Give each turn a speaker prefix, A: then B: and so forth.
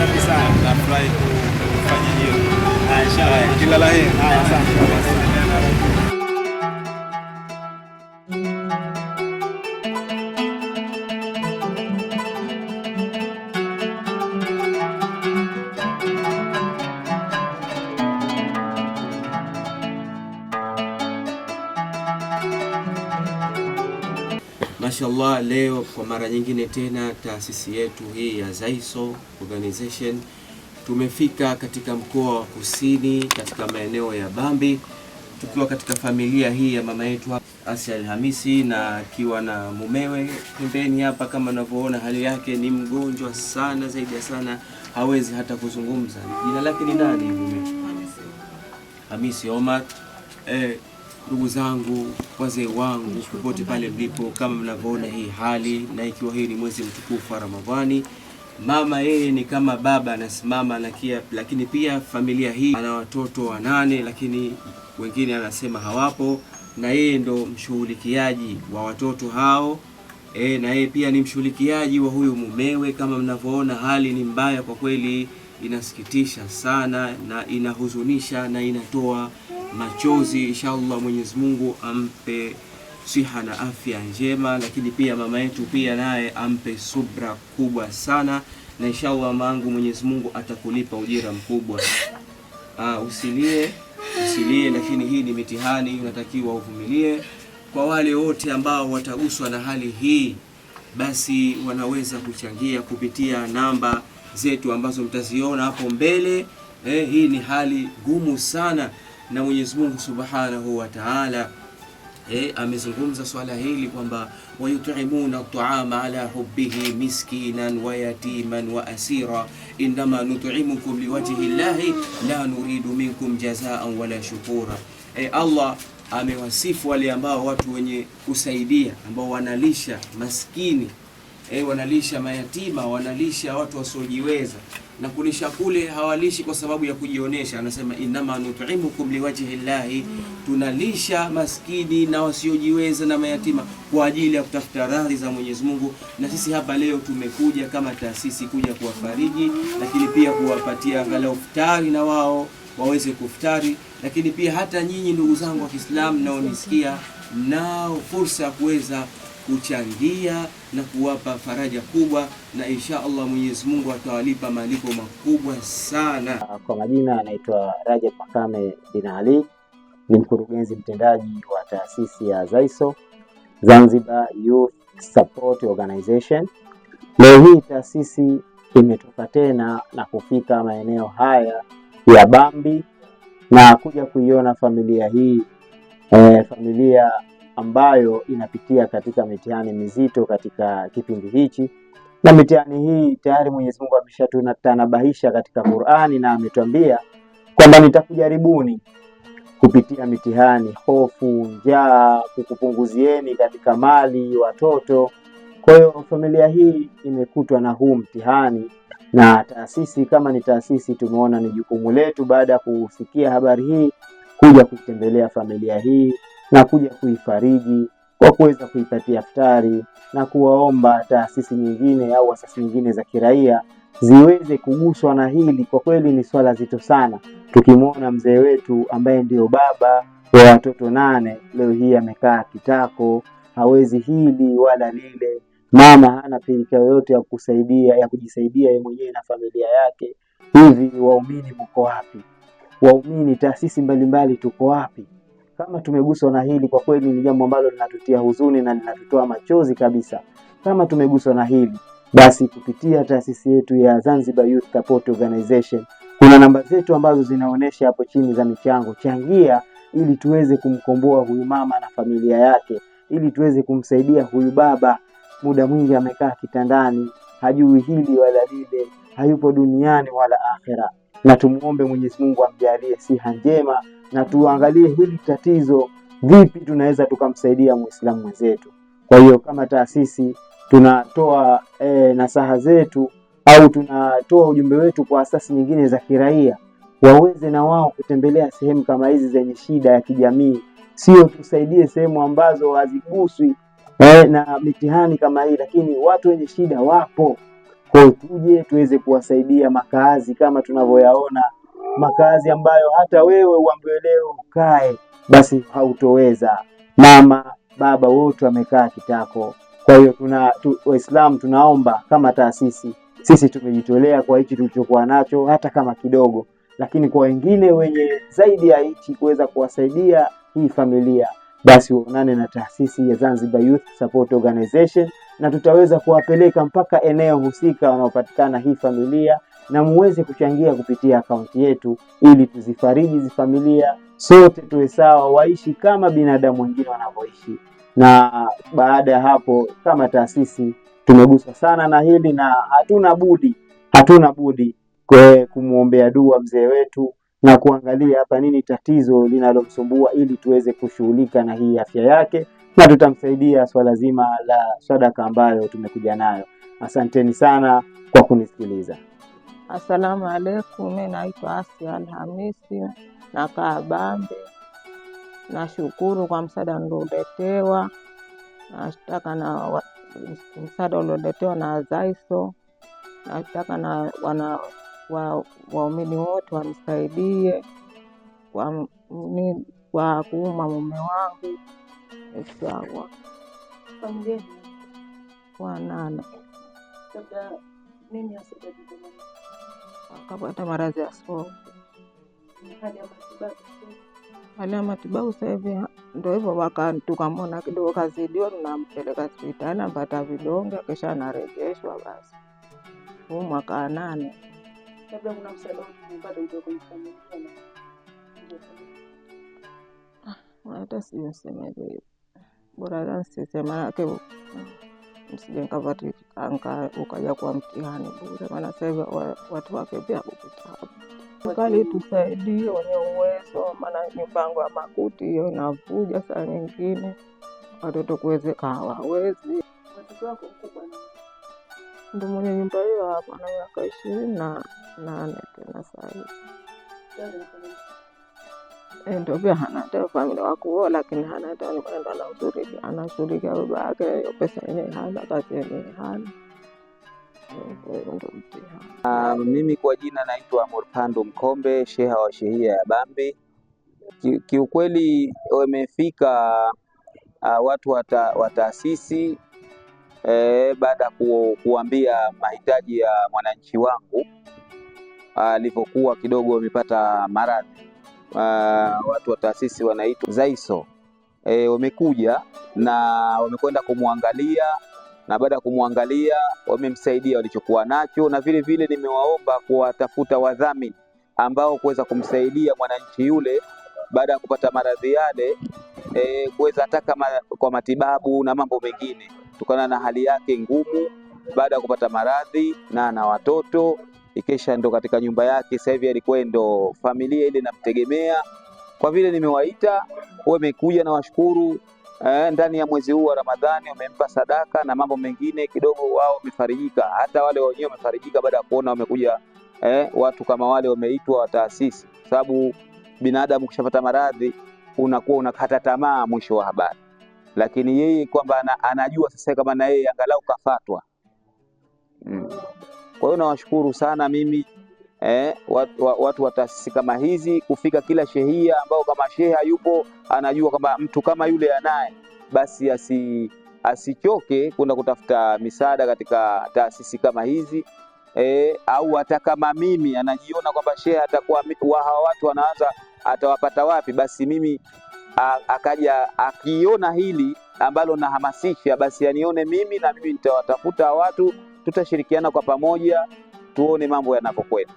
A: Asante sana. Nafurahi kufanya hiyo. Haya, Kila la heri. Haya, asante. Mashallah, leo kwa mara nyingine tena taasisi yetu hii ya zaiso Organization tumefika katika mkoa wa Kusini katika maeneo ya Bambi tukiwa katika familia hii ya mama yetu Asia Alhamisi na akiwa na mumewe pembeni hapa. Kama unavyoona hali yake ni mgonjwa sana, zaidi ya sana, hawezi hata kuzungumza. Jina lake ni nani? Mume Hamisi Omar. Eh, ndugu zangu wazee wangu popote pale mlipo, kama mnavyoona hii hali, na ikiwa hii ni mwezi mtukufu wa Ramadhani, mama yeye ni kama baba anasimama, lakini pia familia hii ana watoto wanane, lakini wengine anasema hawapo, na yeye ndo mshughulikiaji wa watoto hao e, na yeye pia ni mshughulikiaji wa huyu mumewe. Kama mnavyoona hali ni mbaya kwa kweli, inasikitisha sana na inahuzunisha na inatoa machozi. Inshallah Mwenyezi Mungu ampe siha na afya njema, lakini pia mama yetu pia naye ampe subra kubwa sana, na inshallah mangu, Mwenyezi Mungu atakulipa ujira mkubwa. Uh, usilie usilie, lakini hii ni mitihani, unatakiwa uvumilie. Kwa wale wote ambao wataguswa na hali hii, basi wanaweza kuchangia kupitia namba zetu ambazo mtaziona hapo mbele. Eh, hii ni hali ngumu sana na Mwenyezi Mungu Subhanahu wa Ta'ala eh, amezungumza swala hili kwamba wayutimuna at'ama ala hubbihi miskinan wa yatiman wa asira indama nut'imukum liwajhi llahi la nuridu minkum jazaan wala shukura. Eh, Allah amewasifu wale ambao watu wenye kusaidia ambao wanalisha maskini eh, wanalisha mayatima wanalisha watu wasiojiweza na kulisha kule hawalishi kwa sababu ya kujionyesha. Anasema innama nut'imukum liwajhi llahi, mm. tunalisha maskini na wasiojiweza na mayatima kwa ajili ya kutafuta radhi za Mwenyezi Mungu. Na sisi hapa leo tumekuja kama taasisi kuja kuwafariji, lakini pia kuwapatia angalau futari na wao waweze kuftari lakini pia hata nyinyi ndugu zangu wa Kiislamu naonisikia nao fursa ya kuweza kuchangia na kuwapa faraja kubwa, na insha Allah Mwenyezi Mungu atawalipa malipo makubwa sana.
B: Kwa majina anaitwa Rajab Makame bin Ali, ni mkurugenzi mtendaji wa taasisi ya ZAISO Zanzibar Youth Support Organization. Leo hii taasisi imetoka tena na kufika maeneo haya ya Bambi na kuja kuiona familia hii eh, familia ambayo inapitia katika mitihani mizito katika kipindi hichi, na mitihani hii tayari Mwenyezi Mungu ameshatutanabahisha katika Qur'ani, na ametuambia kwamba nitakujaribuni kupitia mitihani, hofu, njaa, kukupunguzieni katika mali, watoto. Kwa hiyo familia hii imekutwa na huu mtihani, na taasisi kama ni taasisi, tumeona ni jukumu letu baada ya kusikia habari hii kuja kutembelea familia hii na kuja kuifariji kwa kuweza kuipatia futari na kuwaomba taasisi nyingine au asasi nyingine za kiraia ziweze kuguswa na hili. Kwa kweli ni swala zito sana, tukimwona mzee wetu ambaye ndio baba wa watoto nane leo hii amekaa kitako, hawezi hili wala lile. Mama hana pirika yoyote ya kusaidia ya kujisaidia yeye mwenyewe na familia yake. Hivi waumini mko wapi? Waumini taasisi mbalimbali tuko wapi? Kama tumeguswa na hili, kwa kweli ni jambo ambalo linatutia huzuni na linatutoa machozi kabisa. Kama tumeguswa na hili, basi kupitia taasisi yetu ya Zanzibar Youth Support Organization, kuna namba zetu ambazo zinaonyesha hapo chini za michango. Changia ili tuweze kumkomboa huyu mama na familia yake, ili tuweze kumsaidia huyu baba, muda mwingi amekaa kitandani, hajui hili wala lile, hayupo duniani wala akhera na tumuombe Mwenyezi Mungu amjalie siha njema, na tuangalie hili tatizo vipi tunaweza tukamsaidia Muislamu mwenzetu. Kwa hiyo kama taasisi tunatoa e, nasaha zetu au tunatoa ujumbe wetu kwa asasi nyingine za kiraia, waweze na wao kutembelea sehemu kama hizi zenye shida ya kijamii, sio tusaidie sehemu ambazo haziguswi e, na mitihani kama hii, lakini watu wenye shida wapo. Kwa tuje tuweze kuwasaidia makazi kama tunavyoyaona, makazi ambayo hata wewe uambiwe leo ukae, basi hautoweza. Mama baba wote wamekaa kitako. Kwa hiyo tuna tu, Waislamu tunaomba kama taasisi, sisi tumejitolea kwa hichi tulichokuwa nacho, hata kama kidogo, lakini kwa wengine wenye zaidi ya hichi kuweza kuwasaidia hii familia, basi uonane na taasisi ya Zanzibar Youth Support Organization na tutaweza kuwapeleka mpaka eneo husika wanaopatikana hii familia, na muweze kuchangia kupitia akaunti yetu, ili tuzifariji hizi familia, sote tuwe sawa, waishi kama binadamu wengine wanavyoishi. Na baada ya hapo, kama taasisi tumeguswa sana na hili, na hatuna budi, hatuna budi kumwombea dua mzee wetu na kuangalia hapa nini tatizo linalomsumbua ili tuweze kushughulika na hii afya yake na tutamsaidia swala zima la sadaka ambayo tumekuja nayo. Asanteni sana kwa kunisikiliza.
C: Asalamu alaikum, mi naitwa Asia Alhamisi na kaa Bambe. Nashukuru kwa msaada nilioletewa, nataka na msaada ulioletewa na Zaiso, nataka na wana waumini wa wote wanisaidie kwa kuuma mume wangu Sawa. Familia wanane, Akapata maradhi ya stroke. Hali ya matibabu sahivi ndo hivyo, kidogo kazidiwa, tunampeleka hospitali, ampata vidonge, kisha anarejeshwa. Basi huu mwaka wa nane,
D: labda kuna msaada kutoka kwa familia
C: hata sijasemaje, bora dansise, maanake msije nkavatika ukaja kuwa mtihani bure, maana sasa watu wake pia kupita hapo. tusaidie wenye uwezo, maana mipango ya makuti hiyo inavuja saa nyingine, watoto kuwezeka hawawezi. Ndo mwenye nyumba hiyo hapo na miaka ishirini na nane tena saa pia Etopia hanato familia wakuo, lakini hana hanato anakwenda uzuri, anasurika baba yake, hiyo pesa yenyewe hana, kazi yenyewe hana.
E: Uh, mimi kwa jina naitwa Morpando Mkombe, sheha wa shehia ya Bambi. Ki, kiukweli wamefika uh, ah, watu wa taasisi eh, baada ya ku, kuambia mahitaji ya mwananchi wangu ah, alivyokuwa uh, kidogo amepata maradhi uh, watu wa taasisi wanaitwa ZAISO e, wamekuja na wamekwenda kumwangalia na baada ya kumwangalia wamemsaidia walichokuwa nacho, na vile vile nimewaomba kuwatafuta wadhamini ambao kuweza kumsaidia mwananchi yule baada ya kupata maradhi yale e, kuweza ataka ma, kwa matibabu na mambo mengine, kutokana na hali yake ngumu baada ya kupata maradhi na na watoto ikesha ndo katika nyumba yake sasa hivi, alikuwa ndo familia ile namtegemea. Kwa vile nimewaita wamekuja, nawashukuru eh, ndani ya mwezi huu wa Ramadhani wamempa sadaka na mambo mengine kidogo, wao wamefarijika, hata wale wenyewe wamefarijika baada ya kuona wamekuja eh, watu kama wale wameitwa wa taasisi, sababu binadamu kushapata maradhi unakuwa unakata tamaa mwisho wa habari, lakini yeye kwamba anajua sasa kama na yeye angalau kafatwa mm. Kwa hiyo nawashukuru sana mimi eh, watu, watu wa taasisi kama hizi kufika kila shehia, ambao kama sheha yupo anajua kwamba mtu kama yule anaye, basi asi asichoke kwenda kutafuta misaada katika taasisi kama hizi eh, au hata kama mimi anajiona kwamba sheha atakuwa wa hawa watu anaanza atawapata wapi, basi mimi akaja akiona hili ambalo nahamasisha, basi anione mimi na mimi nitawatafuta watu tutashirikiana kwa pamoja tuone mambo yanavyokwenda.